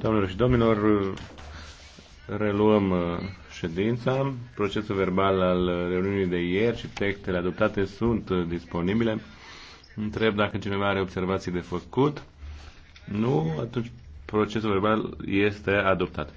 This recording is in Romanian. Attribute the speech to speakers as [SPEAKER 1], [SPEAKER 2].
[SPEAKER 1] Doamnelor și domnilor, reluăm uh, ședința. Procesul verbal al reuniunii de ieri și textele adoptate sunt uh, disponibile. Întreb dacă cineva are observații de făcut. Nu, atunci procesul verbal este adoptat.